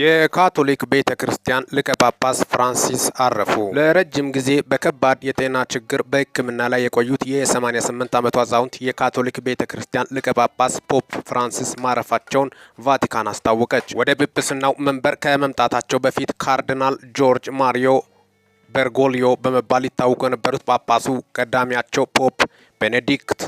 የካቶሊክ ቤተ ክርስቲያን ሊቀ ጳጳስ ፍራንሲስ አረፉ። ለረጅም ጊዜ በከባድ የጤና ችግር በሕክምና ላይ የቆዩት የ88 ዓመቱ አዛውንት የካቶሊክ ቤተ ክርስቲያን ሊቀ ጳጳስ ፖፕ ፍራንሲስ ማረፋቸውን ቫቲካን አስታወቀች። ወደ ጵጵስናው መንበር ከመምጣታቸው በፊት ካርዲናል ጆርጅ ማሪዮ በርጎሊዮ በመባል ይታወቁ የነበሩት ጳጳሱ ቀዳሚያቸው ፖፕ ቤኔዲክት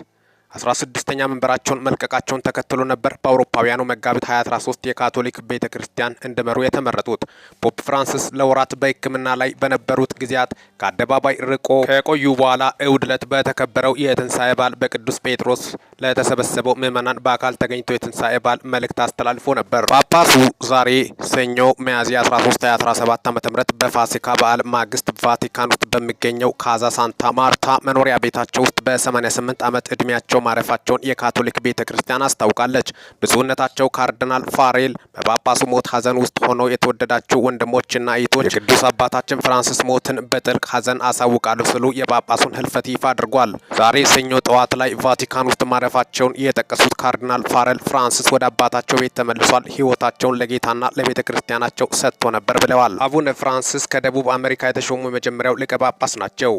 16ኛ መንበራቸውን መልቀቃቸውን ተከትሎ ነበር በአውሮፓውያኑ መጋቢት ሶስት የካቶሊክ ቤተ ክርስቲያን እንዲመሩ የተመረጡት። ፖፕ ፍራንሲስ ለወራት በሕክምና ላይ በነበሩት ጊዜያት ከአደባባይ ርቆ ከቆዩ በኋላ እሁድ ዕለት በተከበረው የትንሣኤ በዓል በቅዱስ ጴጥሮስ ለተሰበሰበው ምዕመናን በአካል ተገኝቶ የትንሣኤ በዓል መልእክት አስተላልፎ ነበር። ጳጳሱ ዛሬ ሰኞ ሚያዝያ 13 2017 ዓ ም በፋሲካ በዓል ማግስት ቫቲካን ውስጥ በሚገኘው ካዛ ሳንታ ማርታ መኖሪያ ቤታቸው ውስጥ በ88 ዓመት ዕድሜያቸው ማረፋቸውን የካቶሊክ ቤተ ክርስቲያን አስታውቃለች። ብፁዕነታቸው ካርዲናል ፋሬል በጳጳሱ ሞት ሀዘን ውስጥ ሆነው የተወደዳቸው ወንድሞችና እህቶች የቅዱስ አባታችን ፍራንሲስ ሞትን በጥልቅ ሀዘን አሳውቃሉ። ሲሉ የጳጳሱን ሕልፈት ይፋ አድርጓል። ዛሬ ሰኞ ጠዋት ላይ ቫቲካን ውስጥ ማረፋቸውን የጠቀሱት ካርዲናል ፋሬል ፍራንሲስ ወደ አባታቸው ቤት ተመልሷል፣ ሕይወታቸውን ለጌታና ለቤተ ክርስቲያናቸው ሰጥቶ ነበር ብለዋል። አቡነ ፍራንሲስ ከደቡብ አሜሪካ የተሾሙ የመጀመሪያው ሊቀ ጳጳስ ናቸው።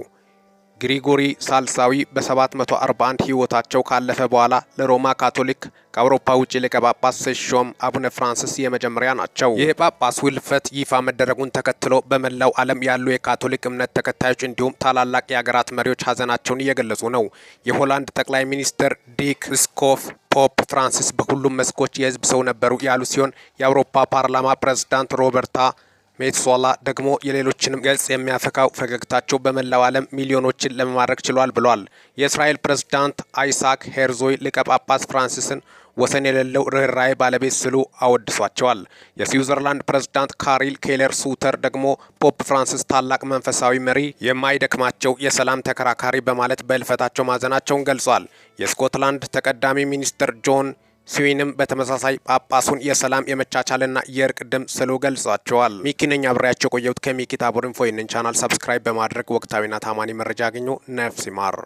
ግሪጎሪ ሳልሳዊ በ741 ሕይወታቸው ካለፈ በኋላ ለሮማ ካቶሊክ ከአውሮፓ ውጭ ሊቀ ጳጳስ ሲሾም አቡነ ፍራንሲስ የመጀመሪያ ናቸው። ይህ ጳጳስ ውልፈት ይፋ መደረጉን ተከትሎ በመላው ዓለም ያሉ የካቶሊክ እምነት ተከታዮች እንዲሁም ታላላቅ የሀገራት መሪዎች ሀዘናቸውን እየገለጹ ነው። የሆላንድ ጠቅላይ ሚኒስትር ዲክ ስኮፍ ፖፕ ፍራንሲስ በሁሉም መስኮች የህዝብ ሰው ነበሩ ያሉ ሲሆን የአውሮፓ ፓርላማ ፕሬዝዳንት ሮበርታ ሜትሶላ ደግሞ የሌሎችንም ገጽ የሚያፈካው ፈገግታቸው በመላው ዓለም ሚሊዮኖችን ለመማረክ ችሏል ብሏል። የእስራኤል ፕሬዝዳንት አይሳክ ሄርዞይ ሊቀ ጳጳስ ፍራንሲስን ወሰን የሌለው ርኅራኄ ባለቤት ስሉ አወድሷቸዋል። የስዊዘርላንድ ፕሬዝዳንት ካሪል ኬለር ሱተር ደግሞ ፖፕ ፍራንሲስ ታላቅ መንፈሳዊ መሪ፣ የማይደክማቸው የሰላም ተከራካሪ በማለት በሕልፈታቸው ማዘናቸውን ገልጿል። የስኮትላንድ ተቀዳሚ ሚኒስትር ጆን ስዊንም በተመሳሳይ ጳጳሱን የሰላም የመቻቻልና የእርቅ ድምፅ ስሉ ገልጿቸዋል። ሚኪ ነኝ አብሬያቸው ቆየሁት። ከሚኪ ታቦር ኢንፎ ይህንን ቻናል ሰብስክራይብ በማድረግ ወቅታዊና ታማኒ መረጃ ያገኙ። ነፍስ ይማር።